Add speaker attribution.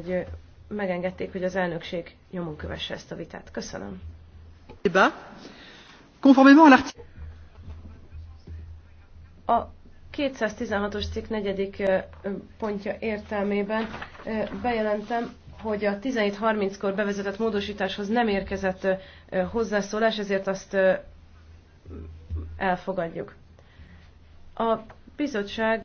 Speaker 1: hogy megengedték, hogy az elnökség nyomon kövesse ezt a vitát. Köszönöm. A 216-os cikk negyedik pontja értelmében bejelentem, hogy a 17.30-kor bevezetett módosításhoz nem érkezett hozzászólás, ezért azt elfogadjuk. A
Speaker 2: bizottság